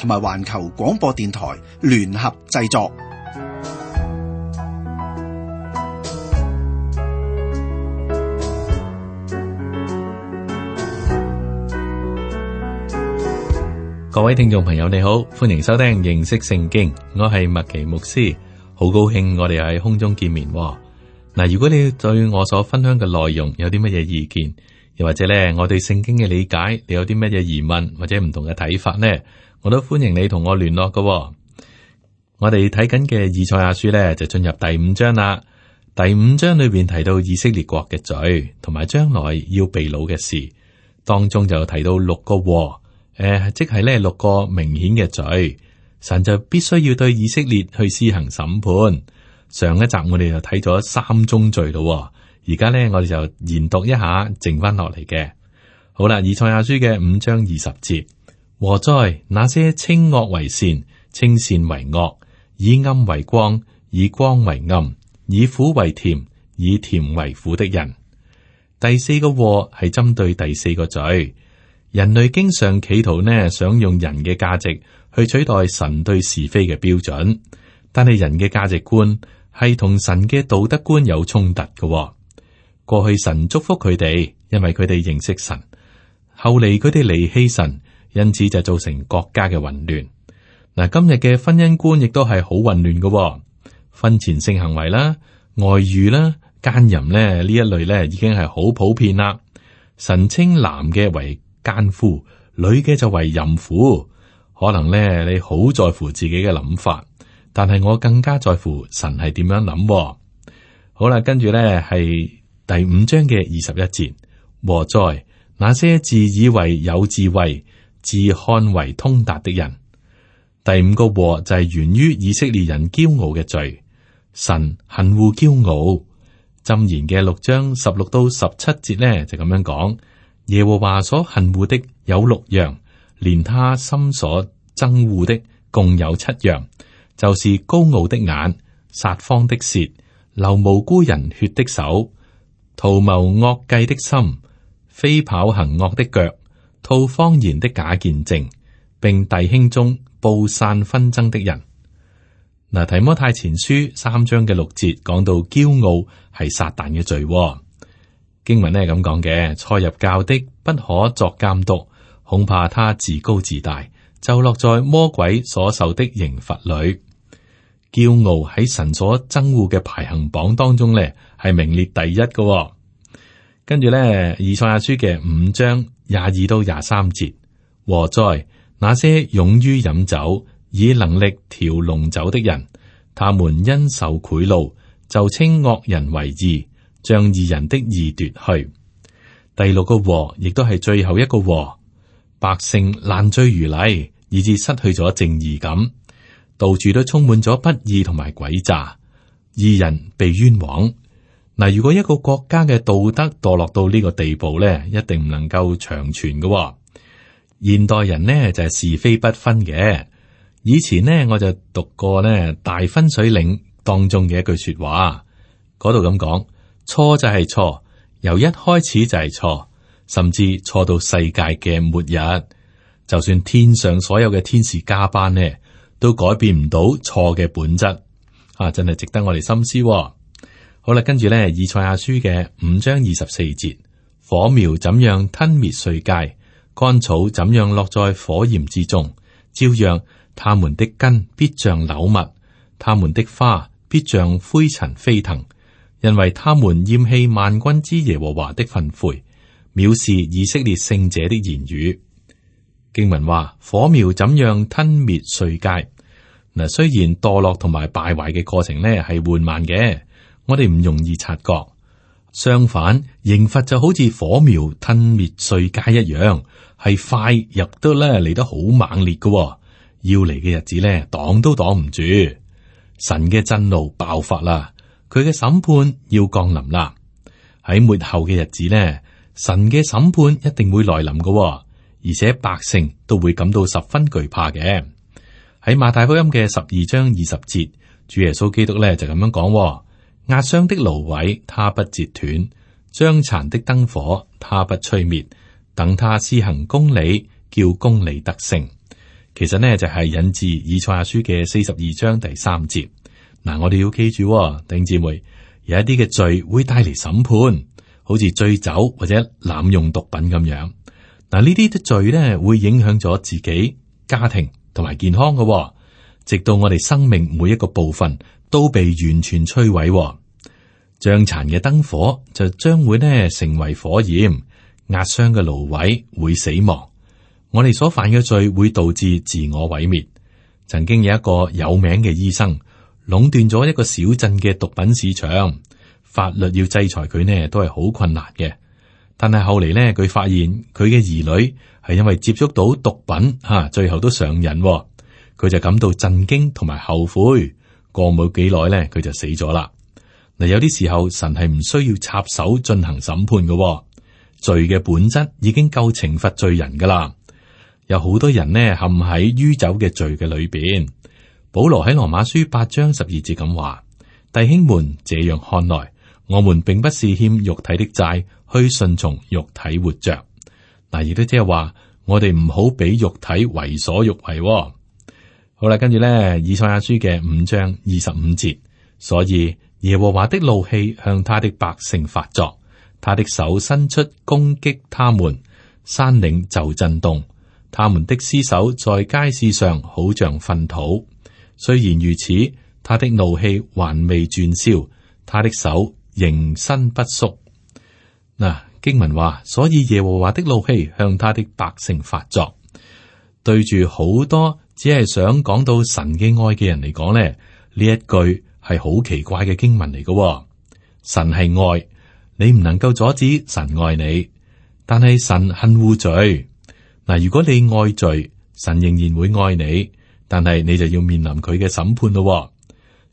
同埋環球廣播電台聯合製作。各位聽眾朋友，你好，歡迎收聽認識聖經，我係麥奇牧師，好高興我哋喺空中見面。嗱，如果你對我所分享嘅內容有啲乜嘢意見？又或者咧，我對聖經嘅理解，你有啲乜嘢疑問或者唔同嘅睇法呢？我都歡迎你同我聯絡嘅、哦。我哋睇緊嘅以賽亞書咧，就進入第五章啦。第五章裏邊提到以色列國嘅罪，同埋將來要被擄嘅事，當中就提到六個禍，誒、呃，即係呢六個明顯嘅罪，神就必須要對以色列去施行審判。上一集我哋就睇咗三宗罪啦、哦。而家咧，我哋就研讀一下剩返落嚟嘅，好啦。以賽亞書嘅五章二十節，禍哉那些稱惡為善，稱善為惡，以暗為光，以光為暗，以苦為甜，以甜為苦的人。第四個禍係針對第四個罪。人類經常企圖呢，想用人嘅價值去取代神對是非嘅標準，但係人嘅價值觀係同神嘅道德觀有衝突嘅、哦。過去神祝福佢哋，因為佢哋認識神。後嚟佢哋離棄神，因此就造成國家嘅混亂。嗱，今日嘅婚姻觀亦都係好混亂㗎喎，婚前性行為啦、外遇啦、奸淫咧呢一類咧，已經係好普遍啦。神稱男嘅為奸夫，女嘅就為淫婦。可能咧，你好在乎自己嘅諗法，但係我更加在乎神係點樣諗喎。好啦，跟住咧係。第五章嘅二十一節禍哉」，那些自以為有智慧、自看為通達的人。第五個禍」就係源於以色列人驕傲嘅罪。神恨惡驕傲。箴言嘅六章十六到十七節呢，就咁樣講：耶和華所恨惡的有六樣，連他心所憎惡的共有七樣，就是高傲的眼、撒謊的舌、流無辜人血的手。圖謀惡計的心，飛跑行惡的腳，吐謊言的假見證，並弟兄中布散紛爭的人。那提摩太前書三章嘅六節講到驕傲係撒旦嘅罪喎。經文呢係咁講嘅：初入教的不可作監督，恐怕他自高自大，就落在魔鬼所受的刑罰裏。驕傲喺神所憎惡嘅排行榜當中呢，係名列第一嘅，哦。跟住呢，以賽亞書嘅五章廿二,二到廿三節，禍哉那些勇於飲酒以能力調濃酒的人，他們因受賄賂就稱惡人為義，將義人的義奪去。第六個禍亦都係最後一個禍，百姓爛醉如泥，以致失去咗正義感。到處都充滿咗不義同埋詭詐，二人被冤枉嗱。如果一個國家嘅道德墮落到呢個地步咧，一定唔能夠長存㗎、哦。現代人咧就係、是、是非不分嘅。以前咧我就讀過咧大分水嶺當中嘅一句說話，嗰度咁講，錯就係錯，由一開始就係錯，甚至錯到世界嘅末日，就算天上所有嘅天使加班咧，都改變唔到錯嘅本質，啊，真係值得我哋深思，哦。好啦，跟住咧，以賽亞書嘅五章二十四節，火苗怎樣吞滅碎稭？乾草怎樣落在火焰之中？照樣，他們的根必像朽物，他們的花必像灰塵飛騰，因為他們厭棄萬軍之耶和華的訓誨，藐視以色列聖者的言語。經文話：火苗怎樣吞滅碎秸？嗱，雖然墮落同埋敗壞嘅過程咧係緩慢嘅，我哋唔容易察覺。相反，刑罰就好似火苗吞滅碎秸一樣，係快入得咧嚟得好猛烈嘅、哦。要嚟嘅日子咧，擋都擋唔住。神嘅震怒爆發啦，佢嘅審判要降臨啦。喺末後嘅日子咧，神嘅審判一定會來臨嘅、哦。而且百姓都會感到十分懼怕嘅。喺馬太福音嘅十二章二十節，主耶穌基督咧就咁樣講、哦：，壓傷的蘆葦，他不折斷；，將殘的燈火，他不吹滅。等他施行公理，叫公理得勝。其實呢，就係、是、引自以賽亞書嘅四十二章第三節。嗱，我哋要記住、哦，弟兄姊妹有一啲嘅罪會帶嚟審判，好似醉酒或者濫用毒品咁樣。嗱，呢啲的罪咧，會影響咗自己、家庭同埋健康嘅、哦，直到我哋生命每一個部分都被完全摧毀、哦，將殘嘅燈火就將會咧成為火焰，壓傷嘅蘆葦會死亡。我哋所犯嘅罪會導致自我毀滅。曾經有一個有名嘅醫生壟斷咗一個小鎮嘅毒品市場，法律要制裁佢呢都係好困難嘅。但係後嚟咧，佢發現佢嘅兒女係因為接觸到毒品吓、啊，最後都上癮、哦。佢就感到震驚同埋後悔。過冇幾耐咧，佢就死咗啦。嗱，有啲時候神係唔需要插手進行審判嘅、哦、罪嘅本質已經夠懲罰罪人噶啦。有好多人呢，陷喺酗酒嘅罪嘅裏邊。保羅喺羅馬書八章十二節咁話：弟兄們，這樣看來，我們並不是欠肉體的債。去順從，肉體活着，嗱，亦都即係話，我哋唔好俾肉體為所欲為。好啦，跟住咧，以賽亞書嘅五章二十五節，所以耶和華的怒氣向他的百姓發作，他的手伸出攻擊他們，山嶺就震動，他們的屍首在街市上好像糞土。雖然如此，他的怒氣還未轉消，他的手仍伸不縮。嗱，經文話，所以耶和華的怒氣向他的百姓發作，對住好多只係想講到神嘅愛嘅人嚟講呢，呢一句係好奇怪嘅經文嚟嘅。神係愛，你唔能夠阻止神愛你，但係神恨污罪。嗱，如果你愛罪，神仍然會愛你，但係你就要面臨佢嘅審判咯。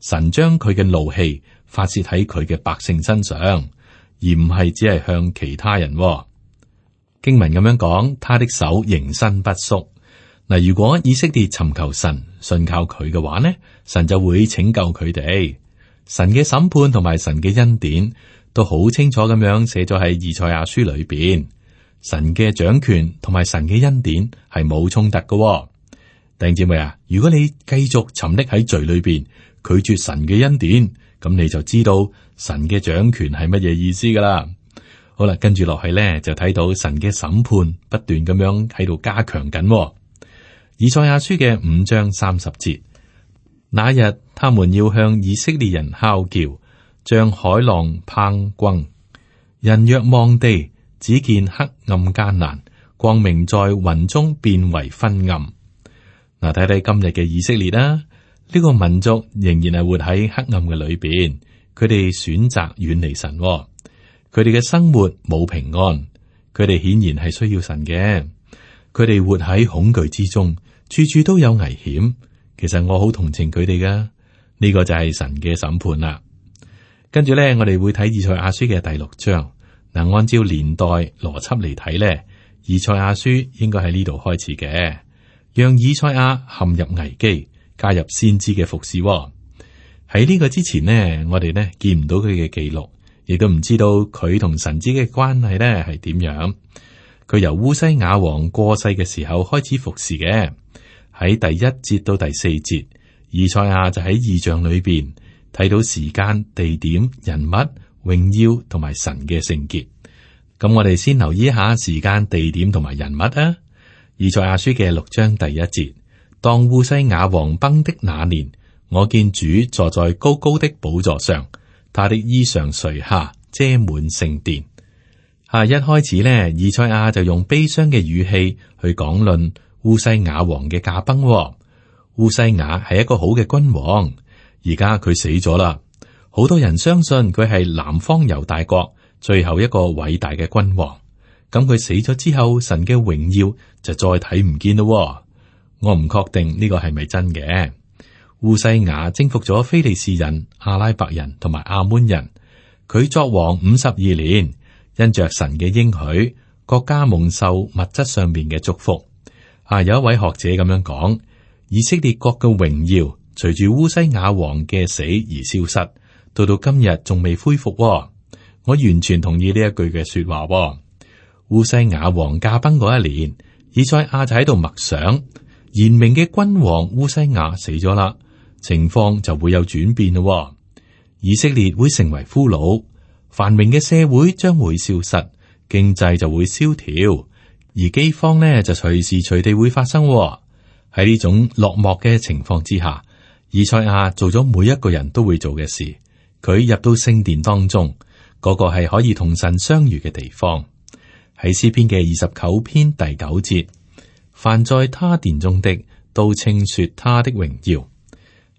神將佢嘅怒氣發洩喺佢嘅百姓身上。而唔係只係向其他人、哦，經文咁樣講，他的手仍伸不縮。嗱，如果以色列尋求神，信靠佢嘅話呢，神就會拯救佢哋。神嘅審判同埋神嘅恩典都好清楚咁樣寫咗喺《以賽亞書》裏邊。神嘅掌權同埋神嘅恩典係冇衝突嘅、哦。弟兄姐妹啊，如果你繼續沉溺喺罪裏邊，拒絕神嘅恩典。咁你就知道神嘅掌權係乜嘢意思噶啦。好啦，跟住落去咧，就睇到神嘅審判不斷咁樣喺度加強緊。以賽亞書嘅五章三十節，那一日他們要向以色列人吼叫，像海浪匉訇。人若望地，只見黑暗艱難；光明在雲中變為昏暗。嗱、啊，睇睇今日嘅以色列啦、啊。呢個民族仍然係活喺黑暗嘅裏邊，佢哋選擇遠離神，喎，佢哋嘅生活冇平安，佢哋顯然係需要神嘅。佢哋活喺恐懼之中，處處都有危險。其實我好同情佢哋噶。呢、這個就係神嘅審判啦。跟住咧，我哋會睇以賽亞書嘅第六章。嗱，按照年代邏輯嚟睇咧，以賽亞書應該喺呢度開始嘅，讓以賽亞陷入危機。加入先知嘅服侍喎、哦，喺呢個之前呢，我哋呢見唔到佢嘅記錄，亦都唔知道佢同神子嘅關係呢係點樣。佢由烏西雅王過世嘅時候開始服侍嘅。喺第一節到第四節，以賽亞就喺異象裏邊睇到時間、地點、人物、榮耀同埋神嘅聖潔。咁我哋先留意下時間、地點同埋人物啊。以賽亞書嘅六章第一節。當烏西雅王崩的那年，我見主坐在高高的寶座上，他的衣裳垂下，遮滿聖殿。啊，一開始呢，以賽亞就用悲傷嘅語氣去講論烏西雅王嘅駕崩、哦。烏西雅係一個好嘅君王，而家佢死咗啦。好多人相信佢係南方猶大國最後一個偉大嘅君王。咁、嗯、佢死咗之後，神嘅榮耀就再睇唔見咯、哦。我唔確定呢個係咪真嘅。烏西雅征服咗非利士人、阿拉伯人同埋阿門人。佢作王五十二年，因着神嘅應許，國家蒙受物質上面嘅祝福。啊，有一位學者咁樣講：以色列國嘅榮耀隨住烏西雅王嘅死而消失，到到今日仲未恢復、哦。我完全同意呢一句嘅說話、哦。烏西雅王駕崩嗰一年，以賽亞就喺度默想。賢明嘅君王烏西雅死咗啦，情況就會有轉變咯。以色列會成為俘虜，繁榮嘅社會將會消失，經濟就會蕭條，而飢荒呢就隨時隨地會發生。喺呢種落寞嘅情況之下，以賽亞做咗每一個人都會做嘅事，佢入到聖殿當中，嗰個係可以同神相遇嘅地方。喺詩篇嘅二十九篇第九節。凡在他殿中的，都稱說他的榮耀。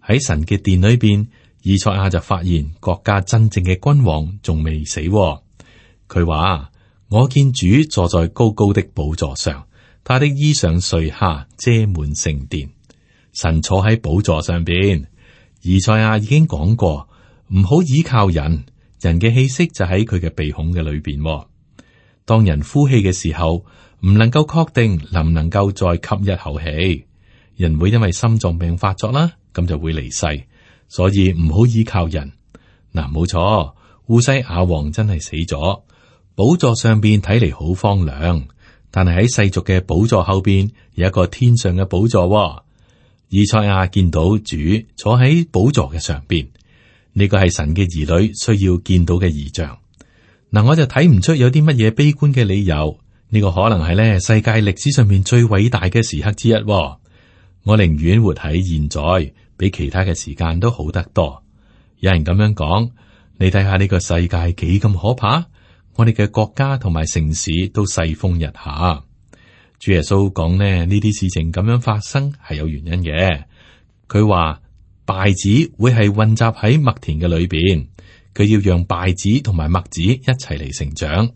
喺神嘅殿裏邊，以賽亞就發現國家真正嘅君王仲未死、哦。佢話：我見主坐在高高的寶座上，他的衣裳垂下，遮滿聖殿。神坐喺寶座上邊，以賽亞已經講過，唔好倚靠人，人嘅氣息就喺佢嘅鼻孔嘅裏邊、哦。當人呼氣嘅時候。唔能夠確定能唔能夠再吸一口氣，人會因為心臟病發作啦，咁就會離世，所以唔好依靠人嗱。冇、啊、錯，烏西亞王真係死咗。寶座上邊睇嚟好荒涼，但係喺世俗嘅寶座後邊有一個天上嘅寶座、哦。以賽亞見到主坐喺寶座嘅上邊，呢、這個係神嘅兒女需要見到嘅異象。嗱、啊，我就睇唔出有啲乜嘢悲觀嘅理由。呢個可能係咧世界歷史上面最偉大嘅時刻之一、哦。我寧願活喺現在，比其他嘅時間都好得多。有人咁樣講，你睇下呢個世界幾咁可怕。我哋嘅國家同埋城市都世風日下。主耶穌講呢：「呢啲事情咁樣發生係有原因嘅。」佢話稗子會係混雜喺麥田嘅裏邊，佢要讓稗子同埋麥子一齊嚟成長。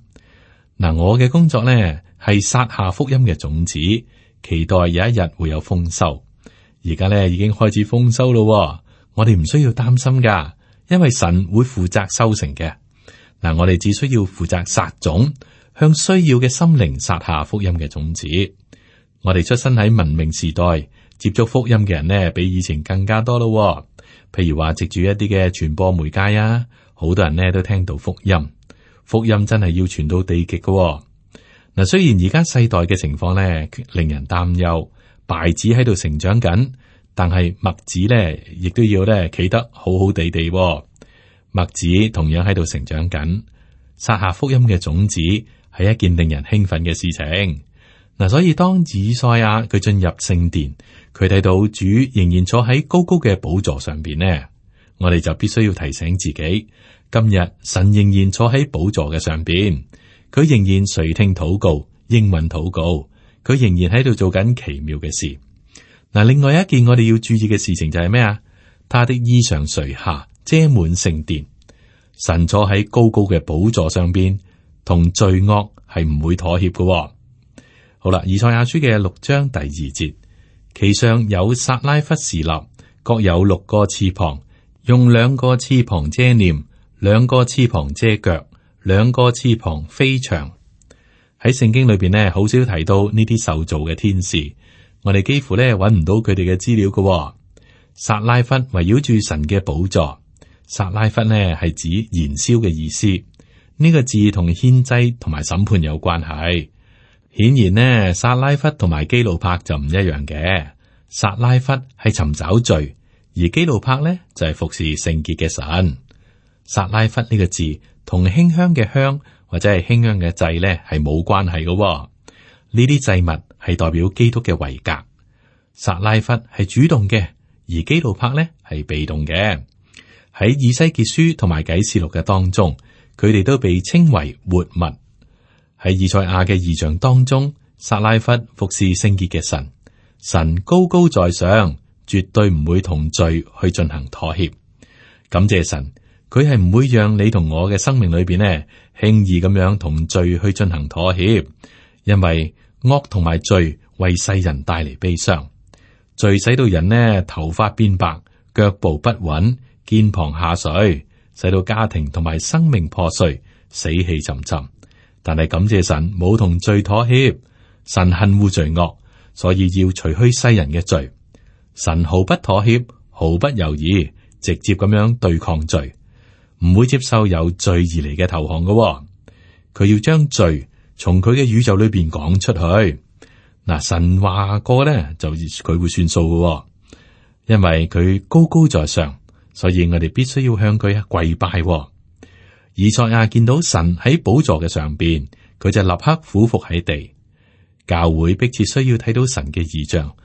嗱，我嘅工作咧係撒下福音嘅種子，期待有一日會有豐收。而家咧已經開始豐收咯、哦，我哋唔需要擔心噶，因為神會負責收成嘅。嗱，我哋只需要負責撒種，向需要嘅心靈撒下福音嘅種子。我哋出身喺文明時代，接觸福音嘅人咧比以前更加多咯、哦。譬如話籍住一啲嘅傳播媒介啊，好多人咧都聽到福音。福音真係要傳到地極嘅、哦，嗱，雖然而家世代嘅情況咧令人擔憂，稗子喺度成長緊，但係麥子咧亦都要咧企得好好地地、哦，麥子同樣喺度成長緊。撒下福音嘅種子係一件令人興奮嘅事情，嗱、啊，所以當以賽亞佢進入聖殿，佢睇到主仍然坐喺高高嘅寶座上邊咧，我哋就必須要提醒自己。今日神仍然坐喺寶座嘅上邊，佢仍然垂聽禱告，應允禱告。佢仍然喺度做緊奇妙嘅事。嗱、啊，另外一件我哋要注意嘅事情就係咩啊？他的衣裳垂下，遮滿聖殿。神坐喺高高嘅寶座上邊，同罪惡係唔會妥協嘅、哦。好啦，以賽亞書嘅六章第二節，其上有撒拉弗侍立，各有六個翅膀，用兩個翅膀遮臉。兩個翅膀遮腳，兩個翅膀飛翔。喺聖經裏邊咧，好少提到呢啲受造嘅天使，我哋幾乎咧揾唔到佢哋嘅資料噶、哦。撒拉弗圍繞住神嘅寶座，撒拉弗咧係指燃燒嘅意思。呢、這個字同獻祭同埋審判有關係。顯然呢，撒拉弗同埋基路柏就唔一樣嘅。撒拉弗係尋找罪，而基路柏咧就係服侍聖潔嘅神。薩拉弗呢個字同馨香嘅香，或者係馨香嘅祭咧係冇關係嘅，哦。呢啲祭物係代表基督嘅維格。撒拉弗係主動嘅，而基路柏咧係被動嘅。喺以西結書同埋啟示錄嘅當中，佢哋都被稱為活物。喺以賽亞嘅異象當中，撒拉弗服侍聖潔嘅神。神高高在上，絕對唔會同罪去進行妥協。感謝神。佢係唔會讓你同我嘅生命裏邊呢，輕易咁樣同罪去進行妥協，因為惡同埋罪為世人帶嚟悲傷，罪使到人呢頭髮變白，腳步不穩，肩膀下垂，使到家庭同埋生命破碎，死氣沉沉。但係感謝神冇同罪妥協，神恨惡罪惡，所以要除去世人嘅罪。神毫不妥協，毫不猶豫，直接咁樣對抗罪。唔會接受有罪而嚟嘅投降㗎喎，佢要將罪從佢嘅宇宙裏邊講出去。嗱，神話過咧，就佢會算數㗎喎，因為佢高高在上，所以我哋必須要向佢跪拜喎。以賽亞見到神喺寶座嘅上邊，佢就立刻俯伏喺地。教會迫切需要睇到神嘅異象，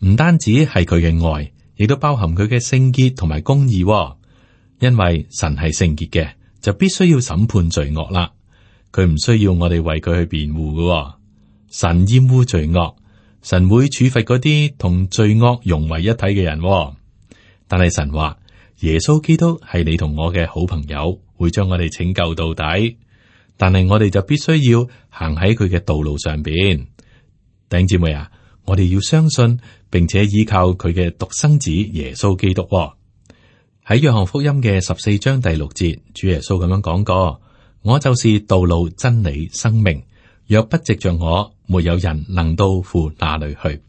唔單止係佢嘅愛，亦都包含佢嘅聖潔同埋公義喎。因為神係聖潔嘅，就必須要審判罪惡啦。佢唔需要我哋為佢去辯護嘅喎。神厭惡罪惡，神會處罰嗰啲同罪惡融為一體嘅人喎。但係神話耶穌基督係你同我嘅好朋友，會將我哋拯救到底。但係我哋就必須要行喺佢嘅道路上邊。弟兄姊妹啊，我哋要相信並且依靠佢嘅獨生子耶穌基督喎。喺約翰福音嘅十四章第六節，主耶穌咁樣講過：我就是道路、真理、生命，若不藉着我，沒有人能到父那裏去。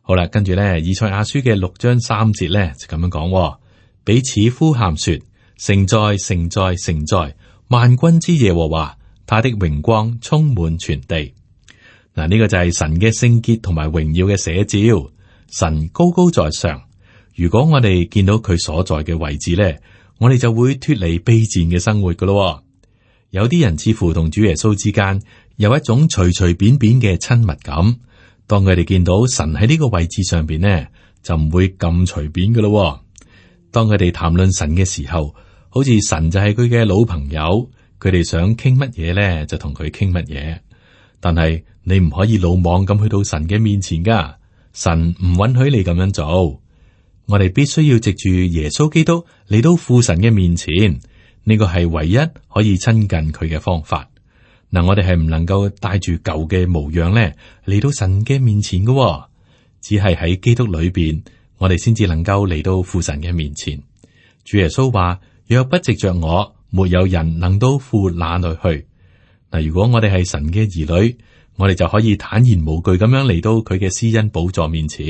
好啦，跟住咧，以賽亞書嘅六章三節咧就咁樣講：彼此呼喊說：聖哉，聖哉，聖哉，萬軍之耶和華，他的榮光充滿全地。嗱，呢個就係神嘅聖潔同埋榮耀嘅寫照，神高高在上。如果我哋見到佢所在嘅位置咧，我哋就會脫離卑賤嘅生活噶咯。有啲人似乎同主耶穌之間有一種隨隨便便嘅親密感。當佢哋見到神喺呢個位置上邊咧，就唔會咁隨便噶咯。當佢哋談論神嘅時候，好似神就係佢嘅老朋友，佢哋想傾乜嘢咧就同佢傾乜嘢。但係你唔可以魯莽咁去到神嘅面前噶，神唔允許你咁樣做。我哋必須要藉住耶穌基督嚟到父神嘅面前，呢、這個係唯一可以親近佢嘅方法。嗱，我哋係唔能夠帶住舊嘅模樣咧嚟到神嘅面前噶、哦，只係喺基督裏邊，我哋先至能夠嚟到父神嘅面前。主耶穌話：若不藉着我，沒有人能到父那裏去。嗱，如果我哋係神嘅兒女，我哋就可以坦然無懼咁樣嚟到佢嘅施恩寶座面前。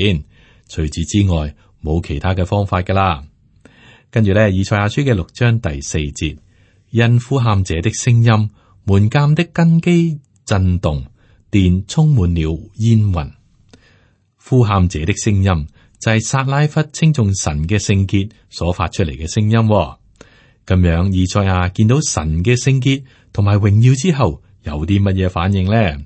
除此之，之外，冇其他嘅方法㗎啦。跟住咧，以賽亞書嘅六章第四節，因呼喊者的聲音，門檻的根基震動，殿充滿了煙雲。呼喊者的聲音就係、是、撒拉弗稱頌神嘅聖潔所發出嚟嘅聲音、哦。咁樣，以賽亞見到神嘅聖潔同埋榮耀之後，有啲乜嘢反應呢？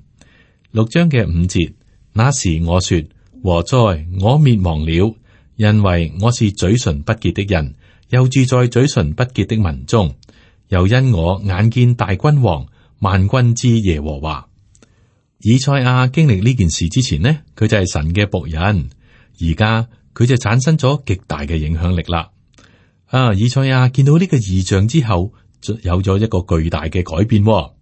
六章嘅五節，那時我說：禍哉，我滅亡了。因為我是嘴唇不潔的人，又住在嘴唇不潔的民中，又因我眼見大君王萬君之耶和華。以賽亞經歷呢件事之前呢，佢就係神嘅僕人，而家佢就產生咗極大嘅影響力啦。啊，以賽亞見到呢個異象之後，有咗一個巨大嘅改變，哦，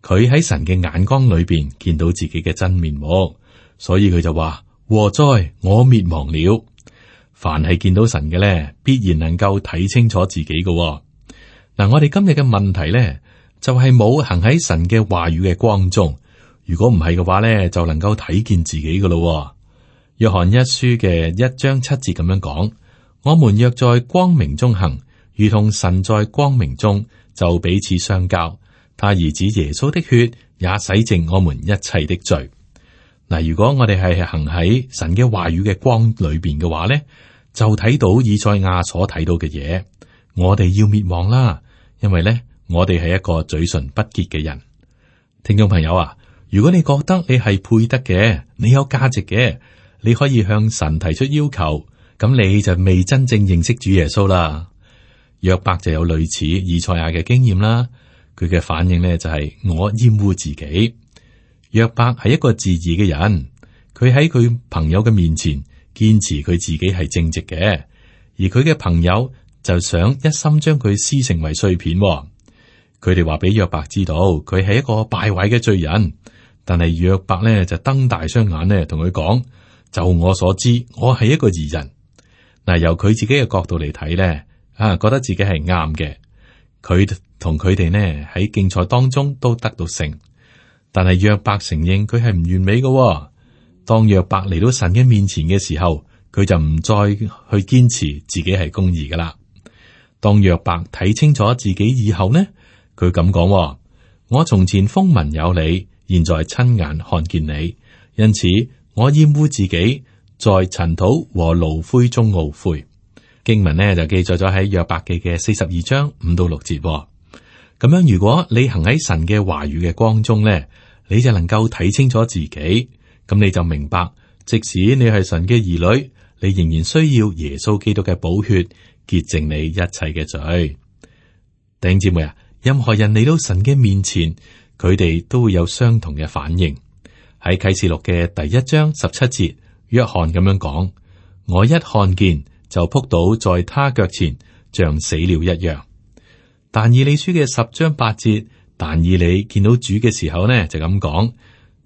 佢喺神嘅眼光裏邊見到自己嘅真面目，所以佢就話：禍哉，我滅亡了。凡係見到神嘅咧，必然能夠睇清楚自己噶喎。嗱，我哋今日嘅問題咧，就係、是、冇行喺神嘅話語嘅光中。如果唔係嘅話咧，就能夠睇見自己噶咯喎。約翰一書嘅一章七節咁樣講：我們若在光明中行，如同神在光明中，就彼此相交。他兒子耶穌的血也洗淨我們一切的罪。嗱，如果我哋係行喺神嘅話語嘅光裏邊嘅話咧，就睇到以賽亞所睇到嘅嘢，我哋要滅亡啦，因為咧我哋係一個嘴唇不潔嘅人。聽眾朋友啊，如果你覺得你係配得嘅，你有價值嘅，你可以向神提出要求，咁你就未真正認識主耶穌啦。約伯就有類似以賽亞嘅經驗啦，佢嘅反應咧就係、是、我厭惡自己。約伯係一個自義嘅人，佢喺佢朋友嘅面前。堅持佢自己係正直嘅，而佢嘅朋友就想一心將佢撕成為碎片，哦。佢哋話俾約伯知道佢係一個敗壞嘅罪人，但係約伯呢就瞪大雙眼咧同佢講：，就我所知，我係一個義人。嗱，由佢自己嘅角度嚟睇咧，啊，覺得自己係啱嘅。佢同佢哋呢喺競賽當中都得到勝，但係約伯承認佢係唔完美㗎，哦。當約伯嚟到神嘅面前嘅時候，佢就唔再去堅持自己係公義噶啦。當約伯睇清楚自己以後呢，佢咁講：我從前風聞有你，現在親眼看見你，因此我厭惡自己在塵土和爐灰中懊悔。經文呢就記載咗喺約伯記嘅四十二章五到六節，哦。咁樣，如果你行喺神嘅話語嘅光中呢，你就能夠睇清楚自己。咁你就明白，即使你係神嘅兒女，你仍然需要耶穌基督嘅寶血潔淨你一切嘅罪。弟兄姐妹啊，任何人嚟到神嘅面前，佢哋都會有相同嘅反應。喺啟示錄嘅第一章十七節，約翰咁樣講：我一看見就撲倒在他腳前，像死了一樣。但以理書嘅十章八節，但以理見到主嘅時候呢，就咁講。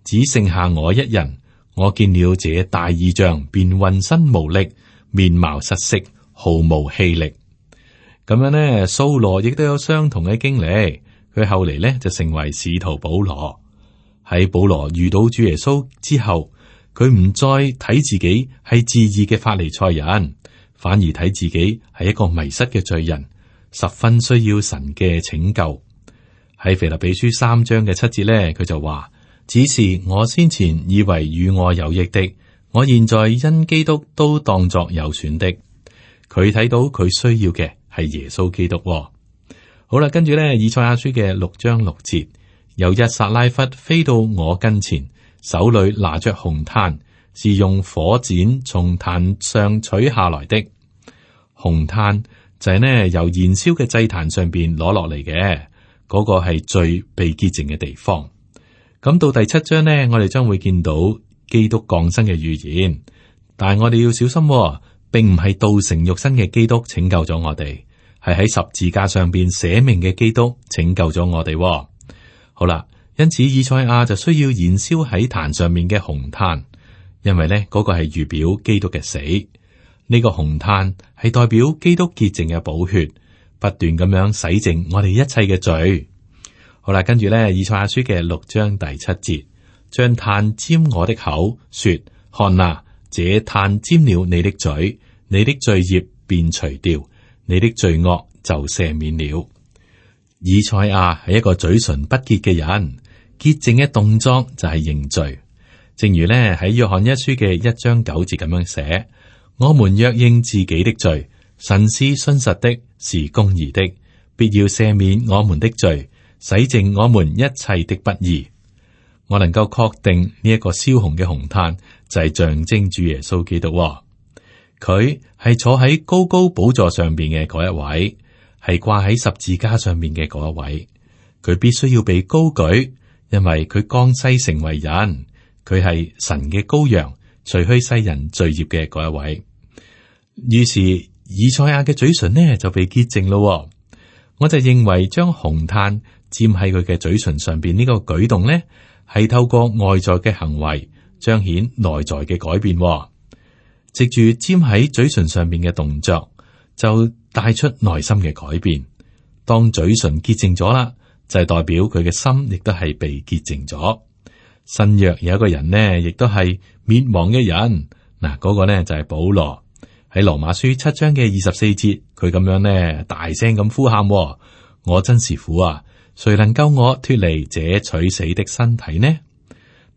只剩下我一人。我見了這大異象，便渾身無力，面貌失色，毫無氣力。咁樣呢，掃羅亦都有相同嘅經歷。佢後嚟呢，就成為使徒保羅。喺保羅遇到主耶穌之後，佢唔再睇自己係自義嘅法利賽人，反而睇自己係一個迷失嘅罪人，十分需要神嘅拯救。喺腓立比書三章嘅七節呢，佢就話。只是我先前以為與我有益的，我現在因基督都當作有損的。佢睇到佢需要嘅係耶穌基督、哦。好啦，跟住咧以賽亞書嘅六章六節，有一撒拉弗飛到我跟前，手裏拿着紅炭，是用火剪從炭上取下來的。紅炭就係呢由燃燒嘅祭壇上邊攞落嚟嘅，嗰個係最被潔淨嘅地方。咁到第七章呢，我哋將會見到基督降生嘅預言，但係我哋要小心、哦，並唔係道成肉身嘅基督拯救咗我哋，係喺十字架上邊捨命嘅基督拯救咗我哋、哦。好啦，因此以賽亞就需要燃燒喺壇上面嘅紅炭，因為呢嗰、那個係預表基督嘅死。呢、這個紅炭係代表基督潔淨嘅寶血，不斷咁樣洗淨我哋一切嘅罪。好啦，跟住咧，以賽亞書嘅六章第七節，將炭沾我的口，說：看啊，這炭沾了你的嘴，你的罪孽便除掉，你的罪惡就赦免了。以賽亞係一個嘴唇不潔嘅人，潔淨嘅動作就係認罪。正如咧喺約翰一書嘅一章九節咁樣寫：我們若認自己的罪，神是信實的是公義的，必要赦免我們的罪。洗淨我們一切的不義。我能夠確定呢一個燒紅嘅紅炭就係象徵住耶穌基督、哦，佢係坐喺高高寶座上邊嘅嗰一位，係掛喺十字架上面嘅嗰一位，佢必須要被高舉，因為佢降世成為人，佢係神嘅羔羊，除去世人罪孽嘅嗰一位。於是以賽亞嘅嘴唇呢就被潔淨咯，我就認為將紅炭。占喺佢嘅嘴唇上邊呢個舉動咧，係透過外在嘅行為彰顯內在嘅改變、哦。藉住占喺嘴唇上邊嘅動作，就帶出內心嘅改變。當嘴唇潔淨咗啦，就係、是、代表佢嘅心亦都係被潔淨咗。新約有一個人呢，亦都係滅亡嘅人嗱，嗰、那個咧就係、是、保羅喺羅馬書七章嘅二十四節，佢咁樣咧大聲咁呼喊、哦：我真是苦啊！誰能夠我脱離這取死的身體呢？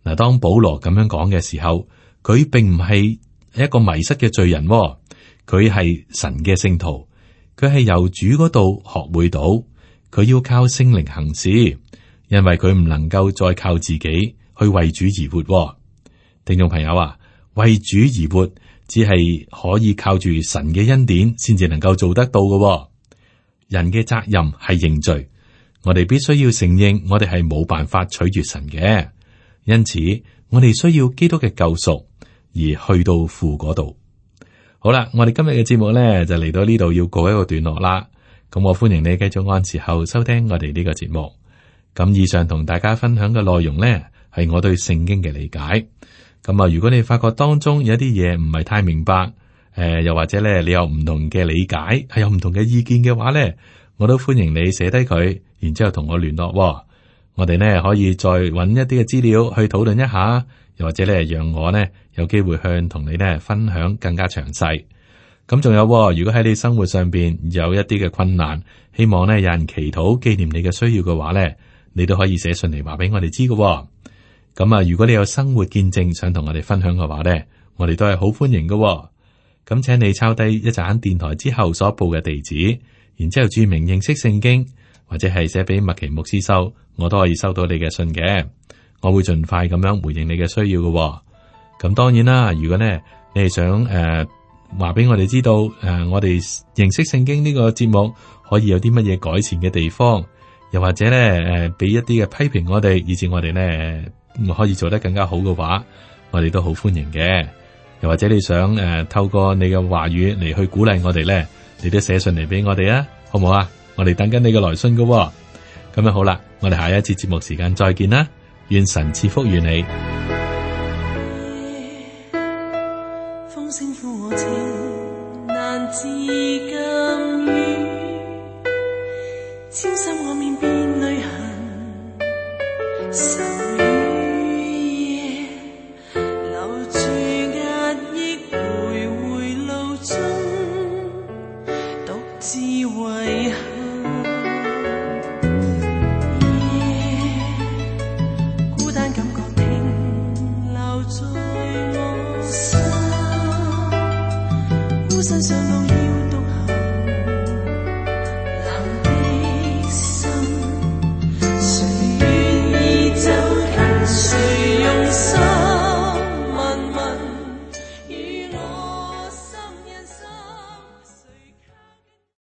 嗱，當保羅咁樣講嘅時候，佢並唔係一個迷失嘅罪人、哦，佢係神嘅聖徒，佢係由主嗰度學會到佢要靠聖靈行事，因為佢唔能夠再靠自己去為主而活、哦。聽眾朋友話，為主而活只係可以靠住神嘅恩典，先至能夠做得到嘅、哦。人嘅責任係認罪。我哋必須要承認，我哋係冇辦法取悦神嘅，因此我哋需要基督嘅救贖而去到父嗰度。好啦，我哋今日嘅節目咧就嚟到呢度要告一個段落啦。咁我歡迎你繼續按時候收聽我哋呢個節目。咁以上同大家分享嘅內容呢，係我對聖經嘅理解。咁啊，如果你發覺當中有一啲嘢唔係太明白，誒、呃，又或者咧你有唔同嘅理解，係有唔同嘅意見嘅話咧，我都歡迎你寫低佢。然之後同我聯絡，我哋呢可以再揾一啲嘅資料去討論一下，又或者呢讓我呢有機會向同你呢分享更加詳細。咁仲有，如果喺你生活上邊有一啲嘅困難，希望呢有人祈禱紀念你嘅需要嘅話呢，你都可以寫信嚟話俾我哋知噶。咁啊，如果你有生活見證想同我哋分享嘅話呢，我哋都係好歡迎噶。咁，請你抄低一陣間電台之後所報嘅地址，然之後注明認識聖經。或者係寫俾麥琪牧師收，我都可以收到你嘅信嘅，我會盡快咁樣回應你嘅需要嘅、哦。咁當然啦，如果呢你係想誒話俾我哋知道誒、呃，我哋認識聖經呢個節目可以有啲乜嘢改善嘅地方，又或者呢誒俾、呃、一啲嘅批評我哋，以至我哋呢、呃、可以做得更加好嘅話，我哋都好歡迎嘅。又或者你想誒、呃、透過你嘅話語嚟去鼓勵我哋咧，你都寫信嚟俾我哋啊，好唔好啊？我哋等緊你嘅來信嘅、哦，咁樣好啦，我哋下一次節目時間再見啦，願神賜福與你。